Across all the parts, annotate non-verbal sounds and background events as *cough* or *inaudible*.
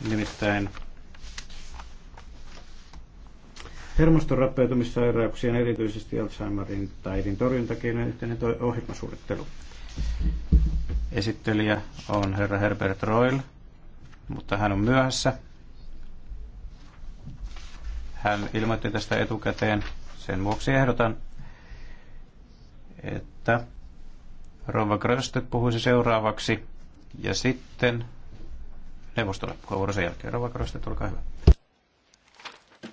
Nimittäin hermoston rappeutumissairauksien, erityisesti Alzheimerin taidin torjuntakeinojen yhteinen ohjelmasuunnittelu. Esittelijä on herra Herbert Roil, mutta hän on myöhässä. Hän ilmoitti tästä etukäteen. Sen vuoksi ehdotan, että Rova Gröstet puhuisi seuraavaksi ja sitten neuvostolle Puheenvuoro sen jälkeen. Rova Korostet, olkaa hyvä.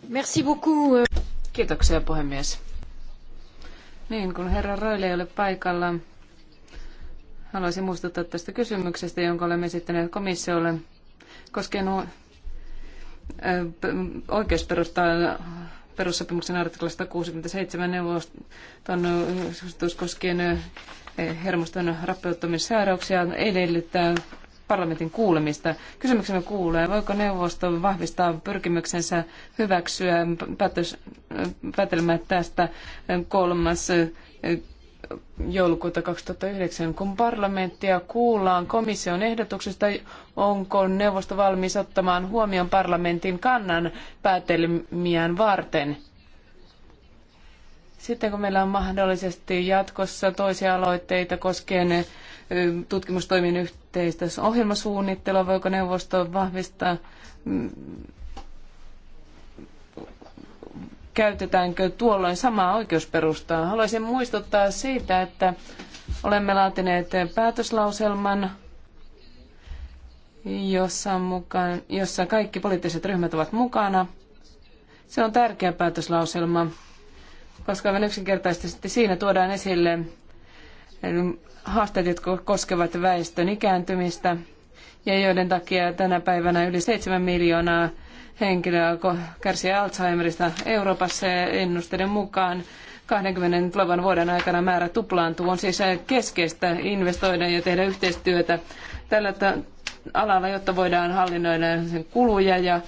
Merci beaucoup. Euh. Kiitoksia puhemies. Niin, kun herra Roile ei ole paikalla, haluaisin muistuttaa tästä kysymyksestä, jonka olemme esittäneet komissiolle koskien oikeusperustaa perussopimuksen artiklasta 67 neuvoston suositus koskien hermoston rappeuttamissairauksia edellyttää parlamentin kuulemista. Kysymyksemme kuulee, voiko neuvosto vahvistaa pyrkimyksensä hyväksyä päätös, tästä kolmas eh, joulukuuta 2009, kun parlamenttia kuullaan komission ehdotuksesta, onko neuvosto valmis ottamaan huomioon parlamentin kannan päätelmiään varten. Sitten kun meillä on mahdollisesti jatkossa toisia aloitteita koskien tutkimustoimien yhteistä ohjelmasuunnittelua, voiko neuvosto vahvistaa, mm, käytetäänkö tuolloin samaa oikeusperustaa. Haluaisin muistuttaa siitä, että olemme laatineet päätöslauselman, jossa, mukaan, jossa kaikki poliittiset ryhmät ovat mukana. Se on tärkeä päätöslauselma, koska aivan yksinkertaisesti siinä tuodaan esille haasteet, jotka koskevat väestön ikääntymistä ja joiden takia tänä päivänä yli 7 miljoonaa henkilöä kärsii Alzheimerista Euroopassa ja ennusteiden mukaan 20 tulevan vuoden aikana määrä tuplaantuu. On siis keskeistä investoida ja tehdä yhteistyötä tällä alalla, jotta voidaan hallinnoida sen kuluja ja,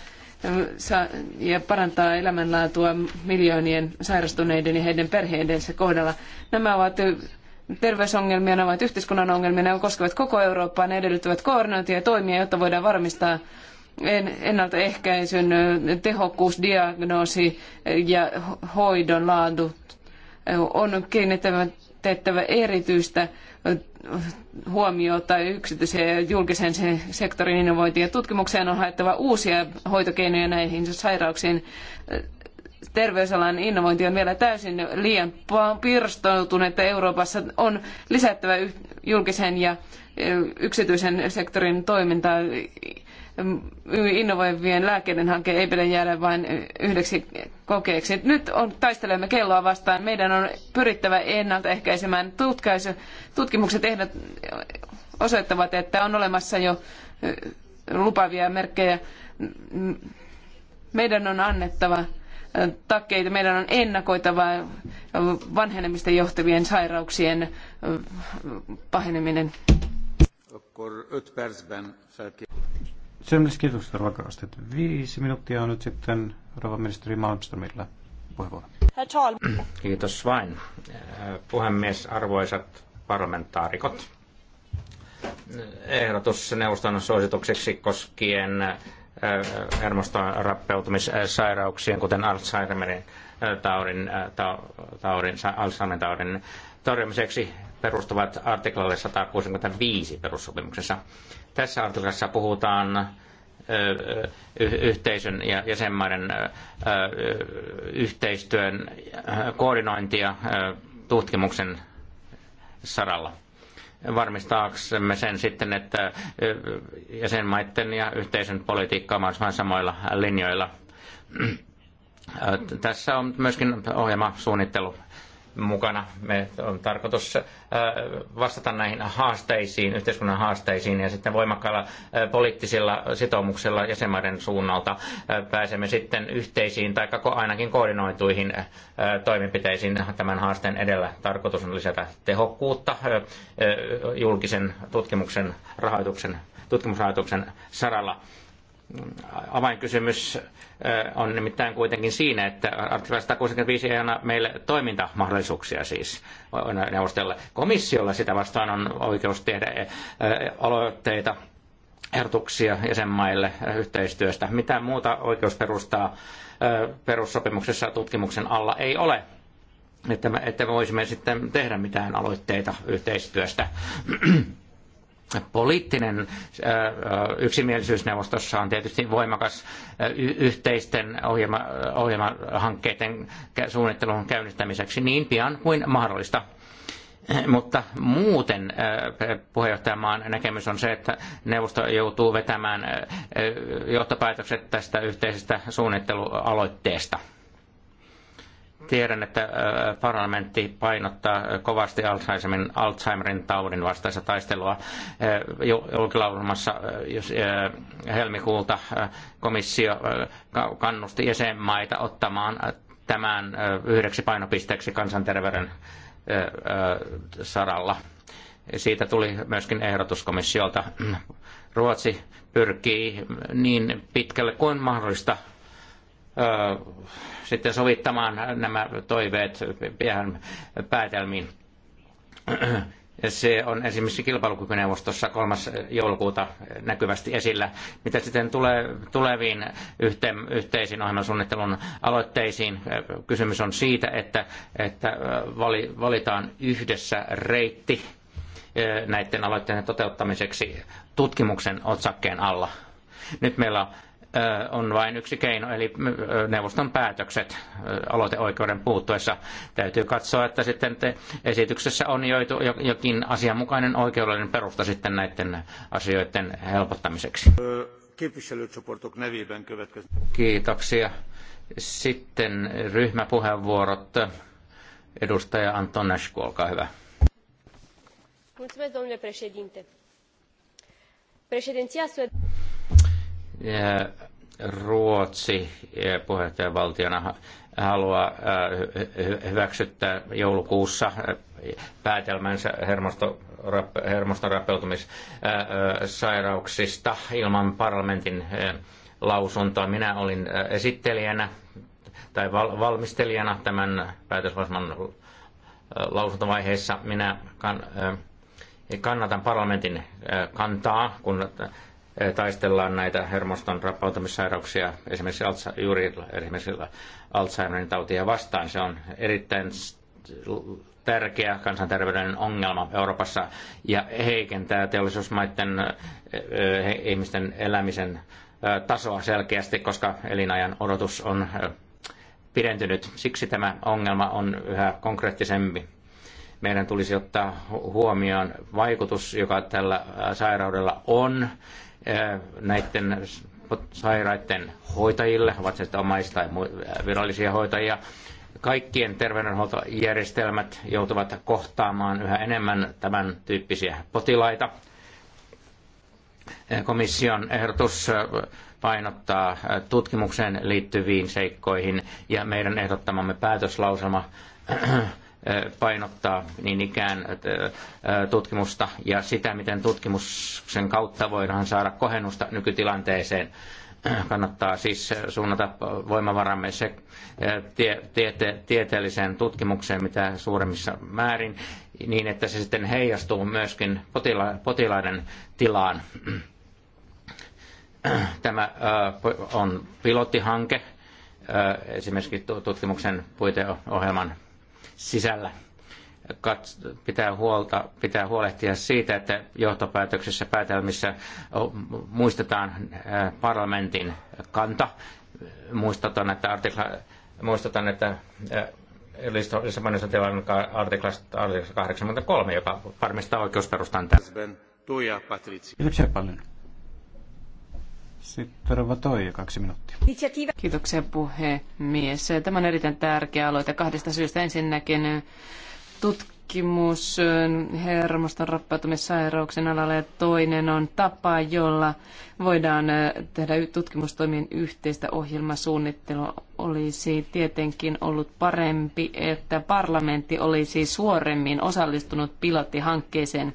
ja parantaa elämänlaatua miljoonien sairastuneiden ja heidän perheidensä kohdalla. Nämä ovat terveysongelmia, ne ovat yhteiskunnan ongelmia, ne koskevat koko Eurooppaa, ne edellyttävät koordinointia ja toimia, jotta voidaan varmistaa ennaltaehkäisyn tehokkuus, diagnoosi ja hoidon laatu. On kiinnitettävä erityistä huomiota yksityisen ja julkisen sektorin innovointiin ja tutkimukseen on haettava uusia hoitokeinoja näihin sairauksiin terveysalan innovointi on vielä täysin liian että Euroopassa. On lisättävä julkisen ja e, yksityisen sektorin toimintaa mm, innovoivien lääkkeiden hanke ei pidä jäädä vain yhdeksi kokeeksi. Nyt on, taistelemme kelloa vastaan. Meidän on pyrittävä ennaltaehkäisemään tutkaisu. Tutkimukset ehdot, osoittavat, että on olemassa jo e, lupavia merkkejä. Meidän on annettava Takkeita Meidän on ennakoitava vanhenemista johtavien sairauksien paheneminen. Semmoisesta kiitosta rakkaasti. Viisi minuuttia on nyt sitten rouva ministeri Malmströmillä puheenvuoro. Kiitos vain. Äh, puhemies, arvoisat parlamentaarikot ehdotus neuvoston suositukseksi koskien Äh, hermoston rappeutumissairauksien, kuten Alzheimerin äh, taudin, äh, taudin, Alzheimerin taudin torjumiseksi perustuvat artiklalle 165 perussopimuksessa. Tässä artiklassa puhutaan yhteisön ja jäsenmaiden yhteistyön koordinointia tutkimuksen saralla varmistaaksemme sen sitten, että jäsenmaiden ja yhteisön politiikka on mahdollisimman samoilla linjoilla. Tässä on myöskin ohjelmasuunnittelu mukana. Me on tarkoitus äh, vastata näihin haasteisiin, yhteiskunnan haasteisiin ja sitten voimakkailla äh, poliittisilla sitoumuksilla jäsenmaiden suunnalta äh, pääsemme sitten yhteisiin tai ainakin koordinoituihin toimenpiteisiin tämän haasteen edellä. Tarkoitus on lisätä tehokkuutta julkisen tutkimuksen rahoituksen, tutkimusrahoituksen saralla avainkysymys äh, on nimittäin kuitenkin siinä, että artikla 165 ei anna meille toimintamahdollisuuksia siis neuvostolle. Komissiolla sitä vastaan on oikeus tehdä äh, aloitteita ehdotuksia jäsenmaille yhteistyöstä. Mitään muuta oikeusperustaa äh, perussopimuksessa tutkimuksen alla ei ole että, me, että me voisimme sitten tehdä mitään aloitteita yhteistyöstä. *clears throat* poliittinen äh, äh, yksimielisyysneuvostossa on tietysti voimakas äh, yhteisten ohjelma, ohjelmahankkeiden suunnittelun käynnistämiseksi niin pian kuin mahdollista. *clears throat* Mutta muuten puheenjohtajamaan näkemys on se, että neuvosto joutuu vetämään johtopäätökset tästä yhteisestä suunnittelualoitteesta. Tiedän, että parlamentti painottaa kovasti Alzheimerin, Alzheimerin taudin vastaista taistelua julkilausumassa jos helmikuulta komissio kannusti jäsenmaita ottamaan tämän yhdeksi painopisteeksi kansanterveyden saralla. Siitä tuli myöskin ehdotus komissiolta. Ruotsi pyrkii niin pitkälle kuin mahdollista sitten sovittamaan nämä toiveet pian päätelmiin. Se on esimerkiksi kilpailukykyneuvostossa 3. joulukuuta näkyvästi esillä. Mitä sitten tulee tuleviin yhteen, yhteisiin ohjelmasuunnittelun aloitteisiin? Kysymys on siitä, että, että valitaan yhdessä reitti näiden aloitteiden toteuttamiseksi tutkimuksen otsakkeen alla. Nyt meillä on on vain yksi keino, eli neuvoston päätökset aloiteoikeuden puuttuessa. Täytyy katsoa, että sitten te esityksessä on joitu, jokin asianmukainen oikeudellinen perusta sitten näiden asioiden helpottamiseksi. Kiitoksia. Sitten ryhmäpuheenvuorot. Edustaja Anton Nashku, olkaa hyvä. Mulțumesc, domnule președinte. Președinția Ruotsi puheenjohtajavaltiona haluaa äh, hyväksyttää joulukuussa äh, päätelmänsä hermosto, hermoston rappeutumissairauksista äh, ilman parlamentin lausuntoa. Minä olin esittelijänä tai valmistelijana tämän päätösvalman lausuntovaiheessa. Minä kannatan parlamentin kantaa, kun taistellaan näitä hermoston rappautumissairauksia, esimerkiksi juuri esimerkiksi Alzheimerin tautia vastaan. Se on erittäin tärkeä kansanterveyden ongelma Euroopassa ja heikentää teollisuusmaiden ihmisten elämisen tasoa selkeästi, koska elinajan odotus on pidentynyt. Siksi tämä ongelma on yhä konkreettisempi. Meidän tulisi ottaa huomioon vaikutus, joka tällä sairaudella on näiden sairaiden hoitajille, ovat se sitten omais- tai virallisia hoitajia, kaikkien terveydenhuoltojärjestelmät joutuvat kohtaamaan yhä enemmän tämän tyyppisiä potilaita. Komission ehdotus painottaa tutkimukseen liittyviin seikkoihin ja meidän ehdottamamme päätöslauselma painottaa niin ikään tutkimusta ja sitä, miten tutkimuksen kautta voidaan saada kohennusta nykytilanteeseen. Kannattaa siis suunnata voimavaramme se tie, tiete, tieteelliseen tutkimukseen mitä suuremmissa määrin, niin että se sitten heijastuu myöskin potila- potilaiden tilaan. Tämä on pilottihanke, esimerkiksi tutkimuksen puiteohjelman sisällä pitää, huolta, pitää huolehtia siitä, että johtopäätöksissä päätelmissä muistetaan parlamentin kanta. Muistetaan, että, artikla, muistetaan, että Lissabonin sotilaan artiklasta artikla 83, joka varmistaa oikeusperustan tässä. Kiitoksia paljon. Sitten Rova Toija, kaksi minuuttia. Kiitoksia puhemies. Tämä on erittäin tärkeä aloite kahdesta syystä. Ensinnäkin eh, tutkimus eh, hermoston rappeutumissairauksen alalla ja toinen on tapa, jolla voidaan eh, tehdä tutkimustoimien yhteistä ohjelmasuunnittelua. Olisi tietenkin ollut parempi, että parlamentti olisi suoremmin osallistunut pilottihankkeeseen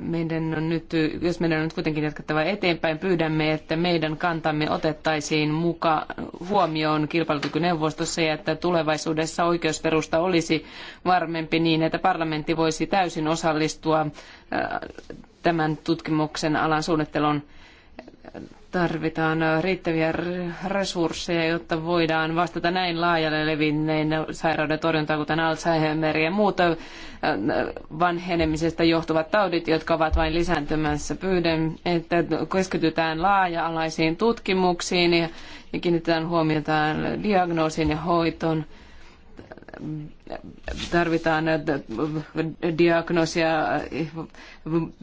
meidän on nyt, jos meidän on nyt kuitenkin jatkettava eteenpäin, pyydämme, että meidän kantamme otettaisiin muka huomioon kilpailukykyneuvostossa ja että tulevaisuudessa oikeusperusta olisi varmempi niin, että parlamentti voisi täysin osallistua äh, tämän tutkimuksen alan suunnittelun tarvitaan riittäviä resursseja, jotta voidaan vastata näin laajalle levinneen sairauden torjuntaan, kuten Alzheimer ja muut vanhenemisesta johtuvat taudit, jotka ovat vain lisääntymässä. Pyydän, että keskitytään laaja-alaisiin tutkimuksiin ja kiinnitetään huomiota diagnoosiin ja hoitoon tarvitaan diagnoosia,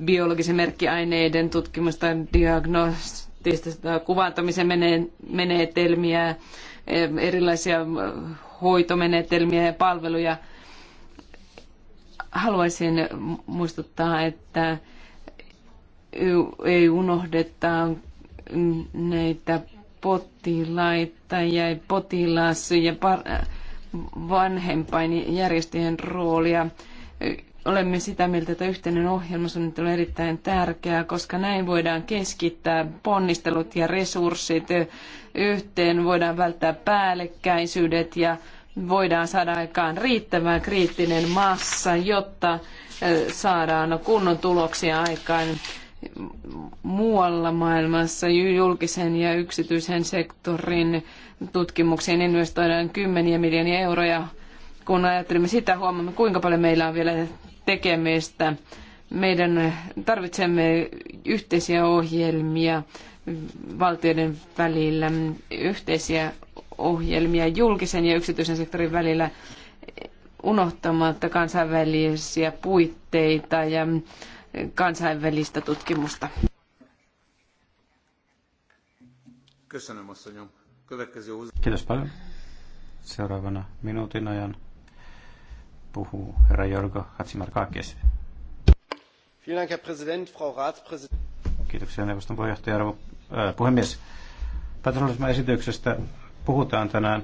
biologisen merkkiaineiden tutkimusta, diagnos, akuuttista kuvantamisen menetelmiä, eh, erilaisia eh, hoitomenetelmiä ja palveluja. Haluaisin muistuttaa, että ei unohdeta näitä potilaita ja potilas ja vanhempainjärjestöjen roolia olemme sitä mieltä, että yhteinen ohjelmasuunnittelu on erittäin tärkeää, koska näin voidaan keskittää ponnistelut ja resurssit yhteen, voidaan välttää päällekkäisyydet ja voidaan saada aikaan riittävä kriittinen massa, jotta saadaan kunnon tuloksia aikaan muualla maailmassa julkisen ja yksityisen sektorin tutkimuksiin investoidaan kymmeniä miljoonia euroja kun ajattelemme sitä, huomaamme kuinka paljon meillä on vielä tekemistä. Meidän tarvitsemme yhteisiä ohjelmia valtioiden välillä, yhteisiä ohjelmia julkisen ja yksityisen sektorin välillä unohtamatta kansainvälisiä puitteita ja kansainvälistä tutkimusta. Kiitos paljon. Seuraavana minuutin ajan puhuu herra Jorgo Hatsimarkakis. Kiitoksia neuvoston puheenjohtaja arvo, äh, puhemies. Päätösvallisman esityksestä puhutaan tänään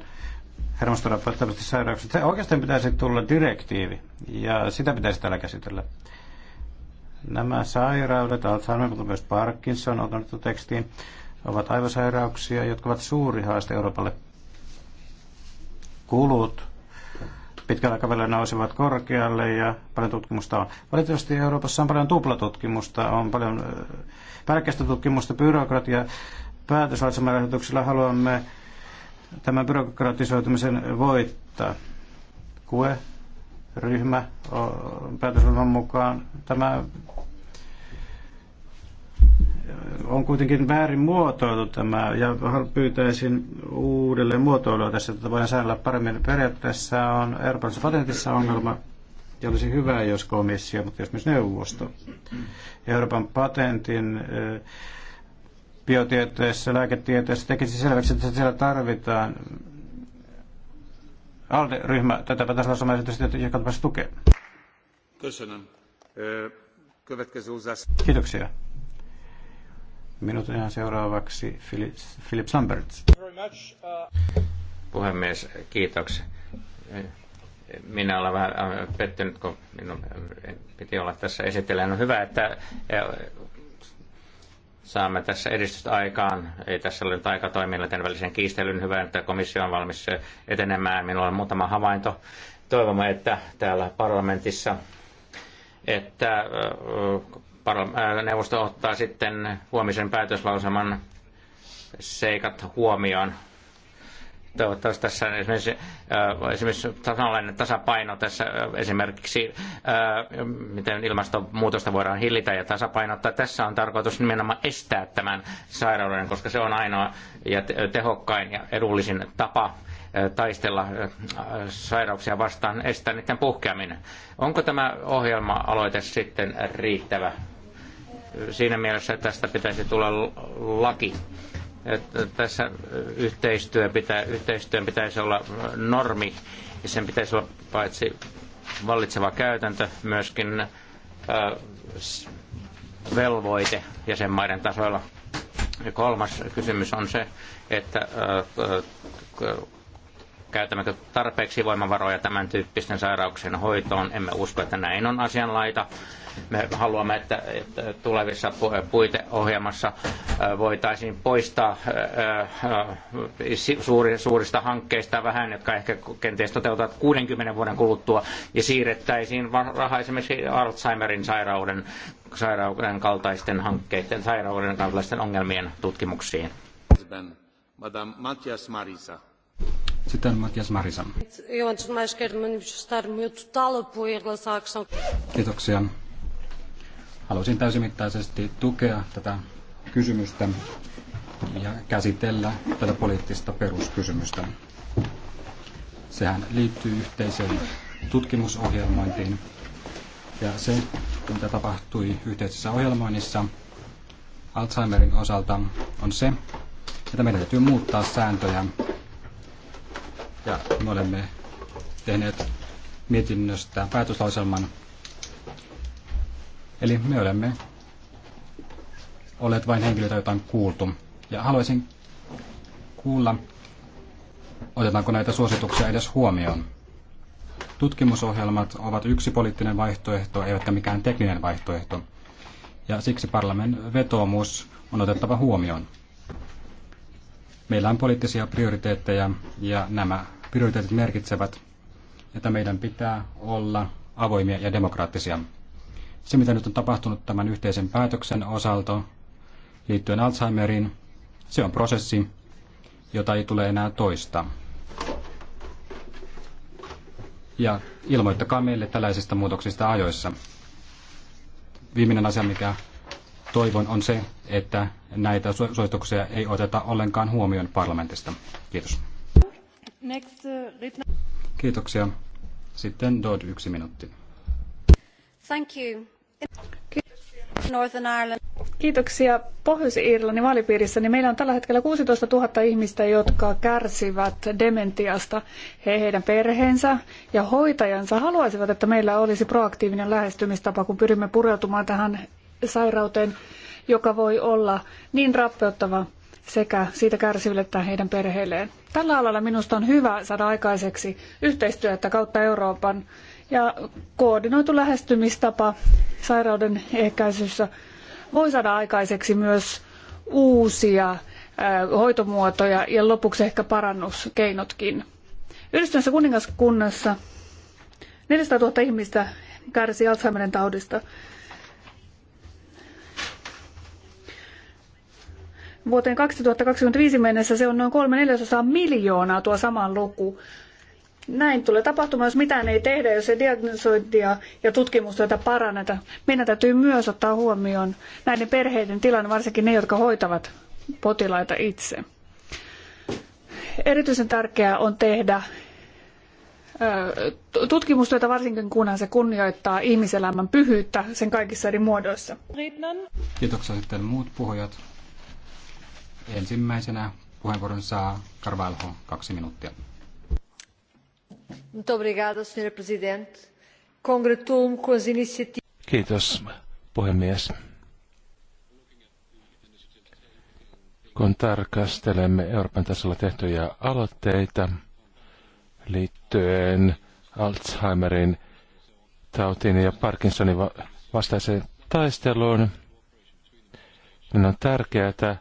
hermostorapattavasti sairauksista. oikeastaan pitäisi tulla direktiivi ja sitä pitäisi täällä käsitellä. Nämä sairaudet, Alzheimer, mutta myös Parkinson on otettu tekstiin, ovat aivosairauksia, jotka ovat suuri haaste Euroopalle. Kulut pitkällä aikavälillä nousevat korkealle ja paljon tutkimusta on. Valitettavasti Euroopassa on paljon tuplatutkimusta, on paljon pärkeistä tutkimusta, byrokratia. Päätöslausumaehdotuksilla haluamme tämän byrokratisoitumisen voittaa. Kue, ryhmä, päätöslausuman mukaan tämä on kuitenkin väärin muotoiltu tämä, ja pyytäisin uudelleen muotoilua tässä, että voidaan säännellä paremmin. Periaatteessa on Euroopan patentissa ongelma, ja olisi hyvä, jos komissio, mutta jos myös neuvosto. Euroopan patentin eh, biotieteessä, lääketieteessä tekisi selväksi, että siellä tarvitaan ALDE-ryhmä tätä päätöslausumaesitystä, joka tukee. Eh, Kiitoksia. Minuutin seuraavaksi Philip, Philip Samberts. Puhemies, kiitoksia. Minä olen vähän äh, pettynyt, kun minun äh, piti olla tässä esitellään. No on hyvä, että äh, saamme tässä edistystä aikaan. Ei tässä ole nyt aika toimijoiden välisen kiistelyn hyvä, että komissio on valmis etenemään. Minulla on muutama havainto. Toivomme, että täällä parlamentissa että neuvosto ottaa sitten huomisen päätöslauselman seikat huomioon. Toivottavasti tässä esimerkiksi, esimerkiksi tasanlainen tasapaino tässä esimerkiksi, miten ilmastonmuutosta voidaan hillitä ja tasapainottaa. Tässä on tarkoitus nimenomaan estää tämän sairauden, koska se on ainoa ja tehokkain ja edullisin tapa taistella sairauksia vastaan, estää niiden puhkeaminen. Onko tämä ohjelma-aloite sitten riittävä? siinä mielessä tästä pitäisi tulla laki. Että tässä yhteistyö pitää, yhteistyön pitäisi olla normi ja sen pitäisi olla paitsi vallitseva käytäntö, myöskin äh, velvoite jäsenmaiden tasoilla. Ja kolmas kysymys on se, että äh, käytämmekö tarpeeksi voimavaroja tämän tyyppisten sairauksien hoitoon. Emme usko, että näin on asianlaita. Me haluamme, että tulevissa puiteohjelmassa voitaisiin poistaa suurista hankkeista vähän, jotka ehkä kenties toteutuvat 60 vuoden kuluttua, ja siirrettäisiin rahaa esimerkiksi Alzheimerin sairauden, sairauden kaltaisten hankkeiden, sairauden kaltaisten ongelmien tutkimuksiin. Madame Matias Marisa. Sitten Matias Marisa. Kiitoksia. Haluaisin täysimittaisesti tukea tätä kysymystä ja käsitellä tätä poliittista peruskysymystä. Sehän liittyy yhteiseen tutkimusohjelmointiin ja se, mitä tapahtui yhteisessä ohjelmoinnissa Alzheimerin osalta, on se, että meidän täytyy muuttaa sääntöjä ja me olemme tehneet mietinnöstä päätöslauselman. Eli me olemme olleet vain henkilöitä, joita on kuultu. Ja haluaisin kuulla, otetaanko näitä suosituksia edes huomioon. Tutkimusohjelmat ovat yksi poliittinen vaihtoehto, eivätkä mikään tekninen vaihtoehto. Ja siksi parlamentin vetoomus on otettava huomioon. Meillä on poliittisia prioriteetteja ja nämä prioriteetit merkitsevät, että meidän pitää olla avoimia ja demokraattisia. Se, mitä nyt on tapahtunut tämän yhteisen päätöksen osalta liittyen Alzheimeriin, se on prosessi, jota ei tule enää toista. Ja ilmoittakaa meille tällaisista muutoksista ajoissa. Viimeinen asia, mikä toivon, on se, että näitä suosituksia ei oteta ollenkaan huomioon parlamentista. Kiitos. Uh, Kiitoksia. Sitten Dodd yksi minuutti. Thank you. Northern Ireland. Kiitoksia. Pohjois-Irlannin vaalipiirissä niin meillä on tällä hetkellä 16 000 ihmistä, jotka kärsivät dementiasta. He, heidän perheensä ja hoitajansa haluaisivat, että meillä olisi proaktiivinen lähestymistapa, kun pyrimme pureutumaan tähän sairauteen, joka voi olla niin rappeuttava sekä siitä kärsiville että heidän perheilleen. Tällä alalla minusta on hyvä saada aikaiseksi yhteistyötä kautta Euroopan ja koordinoitu lähestymistapa sairauden ehkäisyssä voi saada aikaiseksi myös uusia hoitomuotoja ja lopuksi ehkä parannuskeinotkin. Yhdistyneessä kuningaskunnassa 400 000 ihmistä kärsii Alzheimerin taudista. Vuoteen 2025 mennessä se on noin kolme neljäsosaa miljoonaa tuo sama luku. Näin tulee tapahtumaan, jos mitään ei tehdä, jos ei diagnosointia ja tutkimustyötä paranneta. Meidän täytyy myös ottaa huomioon näiden perheiden tilanne, varsinkin ne, jotka hoitavat potilaita itse. Erityisen tärkeää on tehdä tutkimustyötä varsinkin, kunhan se kunnioittaa ihmiselämän pyhyyttä sen kaikissa eri muodoissa. Kiitoksia sitten muut puhujat. Ensimmäisenä puheenvuoron saa Carvalho, kaksi minuuttia. Kiitos, puhemies. Kun tarkastelemme Euroopan tasolla tehtyjä aloitteita liittyen Alzheimerin tautiin ja Parkinsonin vastaiseen taisteluun, niin on tärkeää, että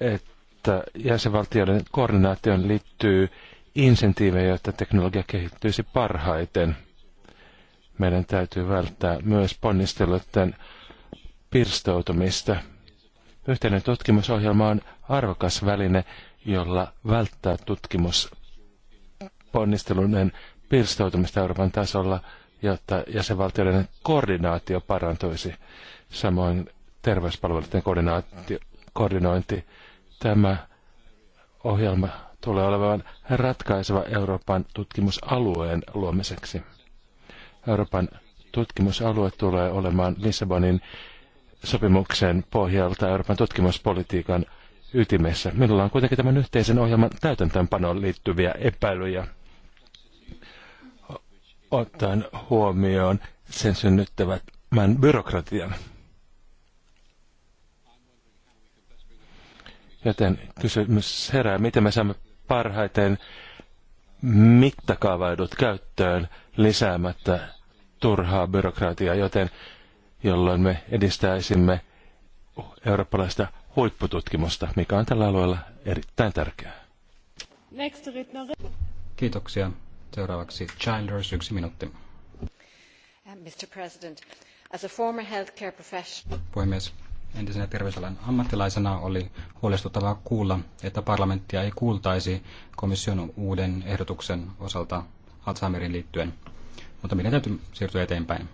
että jäsenvaltioiden koordinaation liittyy insentiivejä, jotta teknologia kehittyisi parhaiten. Meidän täytyy välttää myös ponnisteluiden pirstoutumista. Yhteinen tutkimusohjelma on arvokas väline, jolla välttää tutkimus pirstoutumista Euroopan tasolla, jotta jäsenvaltioiden koordinaatio parantuisi. Samoin terveyspalveluiden koordinaatio, koordinointi Tämä ohjelma tulee olemaan ratkaiseva Euroopan tutkimusalueen luomiseksi. Euroopan tutkimusalue tulee olemaan Lissabonin sopimuksen pohjalta Euroopan tutkimuspolitiikan ytimessä. Minulla on kuitenkin tämän yhteisen ohjelman täytäntöönpanoon liittyviä epäilyjä. Ottaen huomioon sen synnyttävät byrokratian. Joten kysymys herää, miten me saamme parhaiten mittakaavaidut käyttöön lisäämättä turhaa byrokratiaa, joten jolloin me edistäisimme eurooppalaista huippututkimusta, mikä on tällä alueella erittäin tärkeää. Kiitoksia. Seuraavaksi Childers, yksi minuutti. Mr. President, as a former healthcare professional... Puhemies, entisenä terveysalan ammattilaisena oli huolestuttavaa kuulla, että parlamenttia ei kuultaisi komission uuden ehdotuksen osalta Alzheimerin liittyen. Mutta meidän täytyy siirtyä eteenpäin.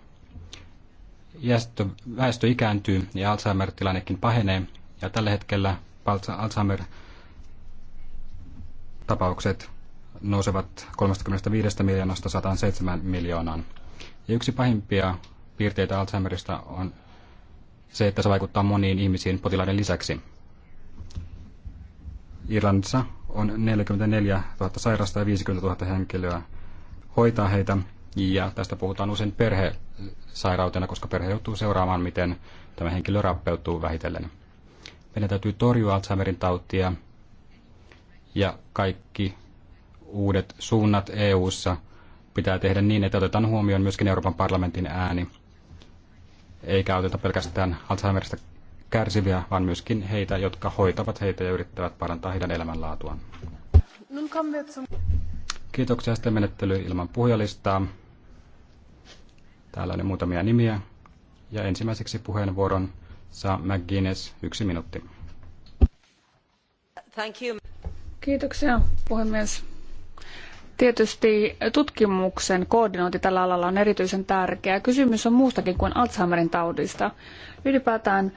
Jäästö, väestö ikääntyy ja Alzheimer-tilannekin pahenee, ja tällä hetkellä Alzheimer-tapaukset nousevat 35 miljoonasta 107 miljoonaan. Ja yksi pahimpia piirteitä Alzheimerista on se, että se vaikuttaa moniin ihmisiin potilaiden lisäksi. Irlannissa on 44 000 sairasta ja 50 000 henkilöä hoitaa heitä. Ja tästä puhutaan usein perhesairautena, koska perhe joutuu seuraamaan, miten tämä henkilö rappeutuu vähitellen. Meidän täytyy torjua Alzheimerin tautia ja kaikki uudet suunnat EU:ssa pitää tehdä niin, että otetaan huomioon myöskin Euroopan parlamentin ääni – eikä auteta pelkästään Alzheimerista kärsiviä, vaan myöskin heitä, jotka hoitavat heitä ja yrittävät parantaa heidän elämänlaatuaan. Kiitoksia sitten menettely ilman puhujalistaa. Täällä oli muutamia nimiä. Ja ensimmäiseksi puheenvuoron saa McGuinness, yksi minuutti. Thank you. Kiitoksia, puhemies. Tietysti tutkimuksen koordinointi tällä alalla on erityisen tärkeää. Kysymys on muustakin kuin Alzheimerin taudista. Ylipäätään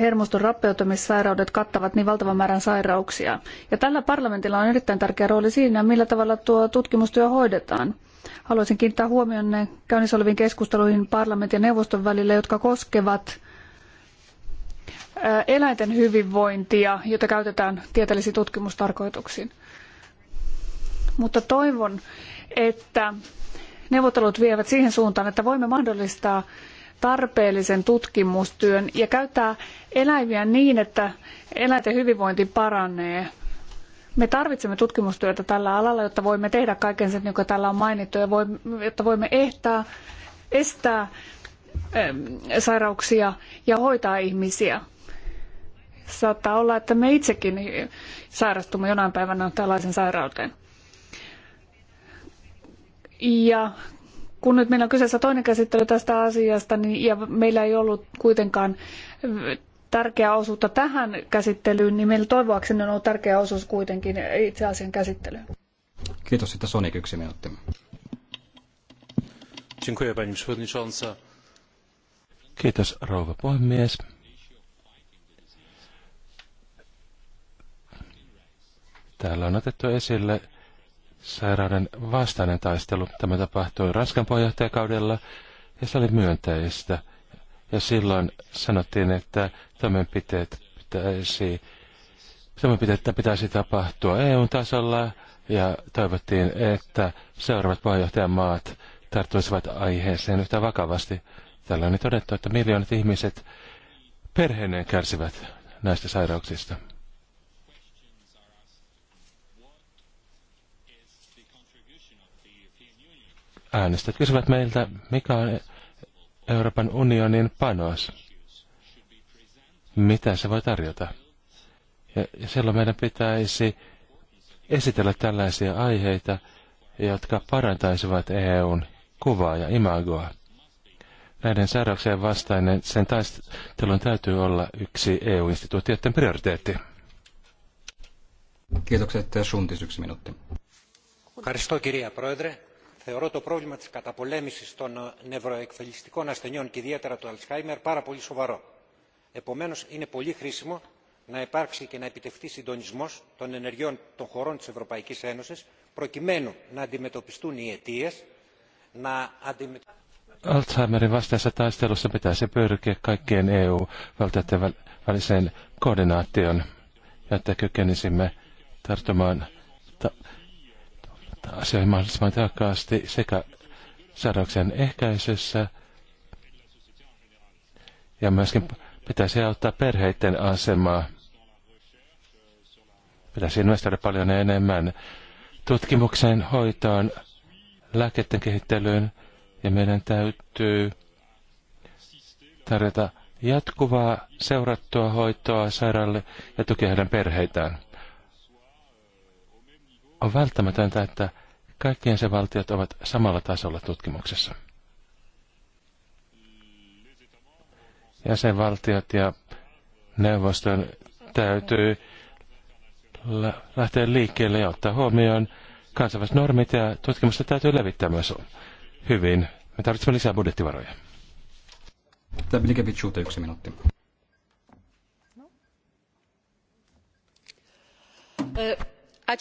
hermoston rappeutumissairaudet kattavat niin valtavan määrän sairauksia. Ja tällä parlamentilla on erittäin tärkeä rooli siinä, millä tavalla tuo tutkimustyö hoidetaan. Haluaisin kiinnittää huomionne käynnissä oleviin keskusteluihin parlamentin ja neuvoston välillä, jotka koskevat eläinten hyvinvointia, jota käytetään tieteellisiin tutkimustarkoituksiin mutta toivon, että neuvottelut vievät siihen suuntaan, että voimme mahdollistaa tarpeellisen tutkimustyön ja käyttää eläimiä niin, että eläinten hyvinvointi paranee. Me tarvitsemme tutkimustyötä tällä alalla, jotta voimme tehdä kaiken sen, joka täällä on mainittu, ja jotta voimme ehtää, estää sairauksia ja hoitaa ihmisiä. Saattaa olla, että me itsekin sairastumme jonain päivänä tällaisen sairauteen. Ja kun nyt meillä on kyseessä toinen käsittely tästä asiasta, niin, ja meillä ei ollut kuitenkaan tärkeää osuutta tähän käsittelyyn, niin meillä toivoakseni on ollut tärkeä osuus kuitenkin itse asian käsittelyyn. Kiitos. Sitten Sonik yksi minuutti. Kiitos, rouva puhemies. Täällä on otettu esille sairauden vastainen taistelu. Tämä tapahtui Ranskan puheenjohtajakaudella ja se oli myönteistä. Ja silloin sanottiin, että toimenpiteet pitäisi, toimenpiteitä pitäisi tapahtua EU-tasolla ja toivottiin, että seuraavat puheenjohtajamaat tarttuisivat aiheeseen yhtä vakavasti. Tällä on todettu, että miljoonat ihmiset perheineen kärsivät näistä sairauksista. Äänestäjät kysyvät meiltä, mikä on Euroopan unionin panos, mitä se voi tarjota. Ja, ja silloin meidän pitäisi esitellä tällaisia aiheita, jotka parantaisivat EUn kuvaa ja imagoa. Näiden säädöksien vastainen sen taistelun täytyy olla yksi EU-instituutioiden prioriteetti. Kiitokset, Suntis, yksi minuutti. Karisto, kirja, proedre θεωρώ το πρόβλημα της καταπολέμησης των νευροεκφελιστικών ασθενειών και ιδιαίτερα του αλτσχάιμερ πάρα πολύ σοβαρό. επομένως είναι πολύ χρήσιμο να υπάρξει και να επιτευχθεί συντονισμός των ενεργειών των χωρών της ευρωπαϊκής ένωσης προκειμένου να αντιμετωπιστούν οι αιτίες να αντιμετωπιστούν Alzheimerin vastaisessa taistelussa pitäisi pyrkiä kaikkien EU-valtioiden väliseen koordinaation, jotta kykenisimme tarttumaan ta- asioihin mahdollisimman tehokkaasti sekä sairauksien ehkäisyssä ja myöskin pitäisi auttaa perheiden asemaa. Pitäisi investoida paljon enemmän tutkimukseen, hoitoon, lääkkeiden kehittelyyn ja meidän täytyy tarjota jatkuvaa seurattua hoitoa sairaalle ja tukea heidän perheitään. On välttämätöntä, että se valtiot ovat samalla tasolla tutkimuksessa. Jäsenvaltiot ja neuvoston täytyy lähteä liikkeelle ja ottaa huomioon kansainväliset normit ja tutkimusta täytyy levittää myös hyvin. Me tarvitsemme lisää budjettivaroja. Tämä yksi minuutti. No. E,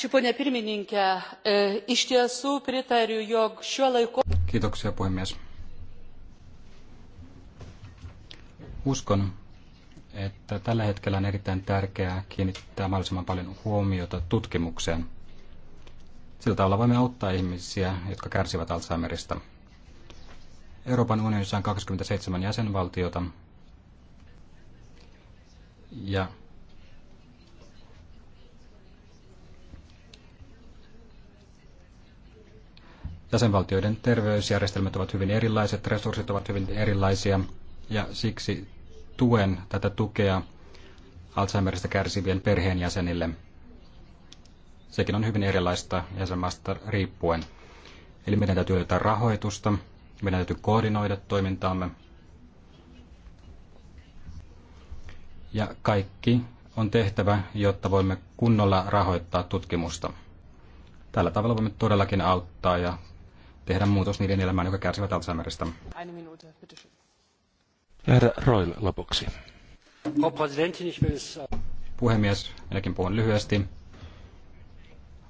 iš tiesų pritariu, jog šiuo laiku... Kiitoksia puhemies. Uskon, että tällä hetkellä on erittäin tärkeää kiinnittää mahdollisimman paljon huomiota tutkimukseen. Sillä tavalla voimme auttaa ihmisiä, jotka kärsivät Alzheimerista. Euroopan unionissa on 27 jäsenvaltiota ja Jäsenvaltioiden terveysjärjestelmät ovat hyvin erilaiset, resurssit ovat hyvin erilaisia ja siksi tuen tätä tukea Alzheimerista kärsivien perheenjäsenille. Sekin on hyvin erilaista jäsenmaasta riippuen. Eli meidän täytyy löytää rahoitusta, meidän täytyy koordinoida toimintaamme. Ja kaikki on tehtävä, jotta voimme kunnolla rahoittaa tutkimusta. Tällä tavalla voimme todellakin auttaa ja tehdä muutos niiden elämään, joka kärsivät Alzheimerista. Herra Roil lopuksi. Äh, Puhemies, minäkin puhun lyhyesti.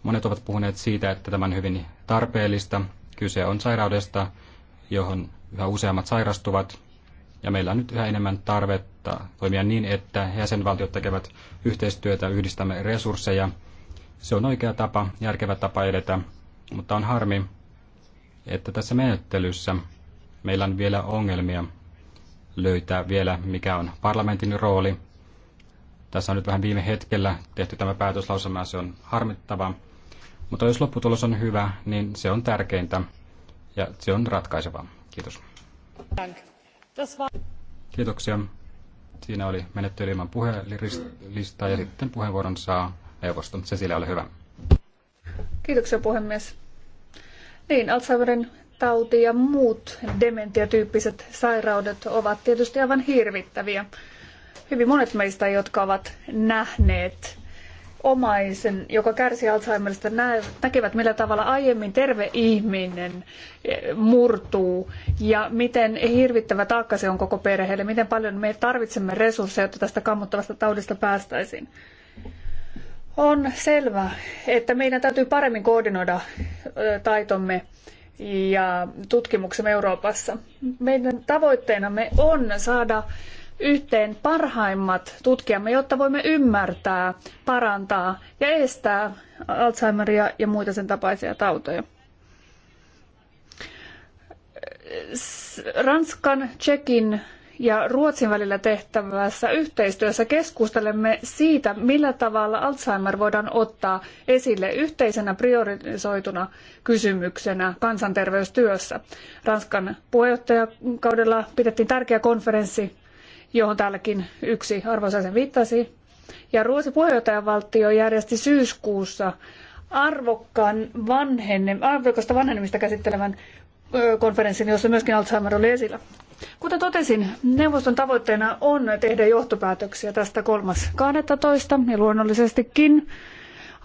Monet ovat puhuneet siitä, että tämä on hyvin tarpeellista. Kyse on sairaudesta, johon yhä useammat sairastuvat. Ja meillä on nyt yhä enemmän tarvetta toimia niin, että jäsenvaltiot tekevät yhteistyötä, yhdistämme resursseja. Se on oikea tapa, järkevä tapa edetä, mutta on harmi, että tässä menettelyssä meillä on vielä ongelmia löytää vielä, mikä on parlamentin rooli. Tässä on nyt vähän viime hetkellä tehty tämä päätöslausema, se on harmittava. Mutta jos lopputulos on hyvä, niin se on tärkeintä ja se on ratkaiseva. Kiitos. Kiitoksia. Siinä oli menetty ilman puhelista ja sitten puheenvuoron saa se sillä ole hyvä. Kiitoksia puhemies. Niin, Alzheimerin tauti ja muut dementiatyyppiset sairaudet ovat tietysti aivan hirvittäviä. Hyvin monet meistä, jotka ovat nähneet omaisen, joka kärsii Alzheimerista, näkevät millä tavalla aiemmin terve ihminen eh, murtuu ja miten hirvittävä taakka se on koko perheelle, miten paljon me tarvitsemme resursseja, jotta tästä kammottavasta taudista päästäisiin. On selvä, että meidän täytyy paremmin koordinoida taitomme ja tutkimuksemme Euroopassa. Meidän tavoitteenamme on saada yhteen parhaimmat tutkijamme, jotta voimme ymmärtää, parantaa ja estää Alzheimeria ja muita sen tapaisia tautoja. Ranskan, Tsekin, ja Ruotsin välillä tehtävässä yhteistyössä keskustelemme siitä, millä tavalla Alzheimer voidaan ottaa esille yhteisenä priorisoituna kysymyksenä kansanterveystyössä. Ranskan puheenjohtajakaudella pidettiin tärkeä konferenssi, johon täälläkin yksi arvoisa viittasi. Ja Ruotsin puheenjohtajavaltio järjesti syyskuussa arvokkaan vanhenne, arvokasta vanhenemista käsittelevän konferenssin, jossa myöskin Alzheimer oli esillä. Kuten totesin, neuvoston tavoitteena on tehdä johtopäätöksiä tästä 3.12. ja luonnollisestikin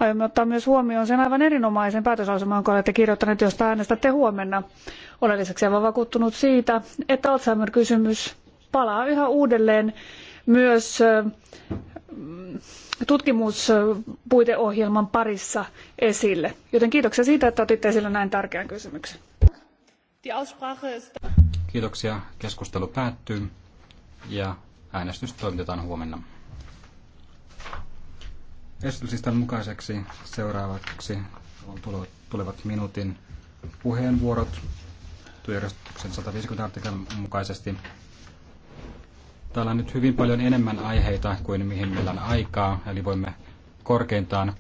aiomme ottaa myös huomioon sen aivan erinomaisen päätöslausuman, jonka olette kirjoittaneet, josta äänestätte huomenna. Olen lisäksi aivan vakuuttunut siitä, että Alzheimer-kysymys palaa yhä uudelleen myös tutkimuspuiteohjelman parissa esille. Joten kiitoksia siitä, että otitte esille näin tärkeän kysymyksen. Kiitoksia. Keskustelu päättyy ja äänestys toimitetaan huomenna. Esityslistan mukaiseksi seuraavaksi on tulevat minuutin puheenvuorot työjärjestyksen 150 artikan mukaisesti. Täällä on nyt hyvin paljon enemmän aiheita kuin mihin meillä on aikaa, eli voimme korkeintaan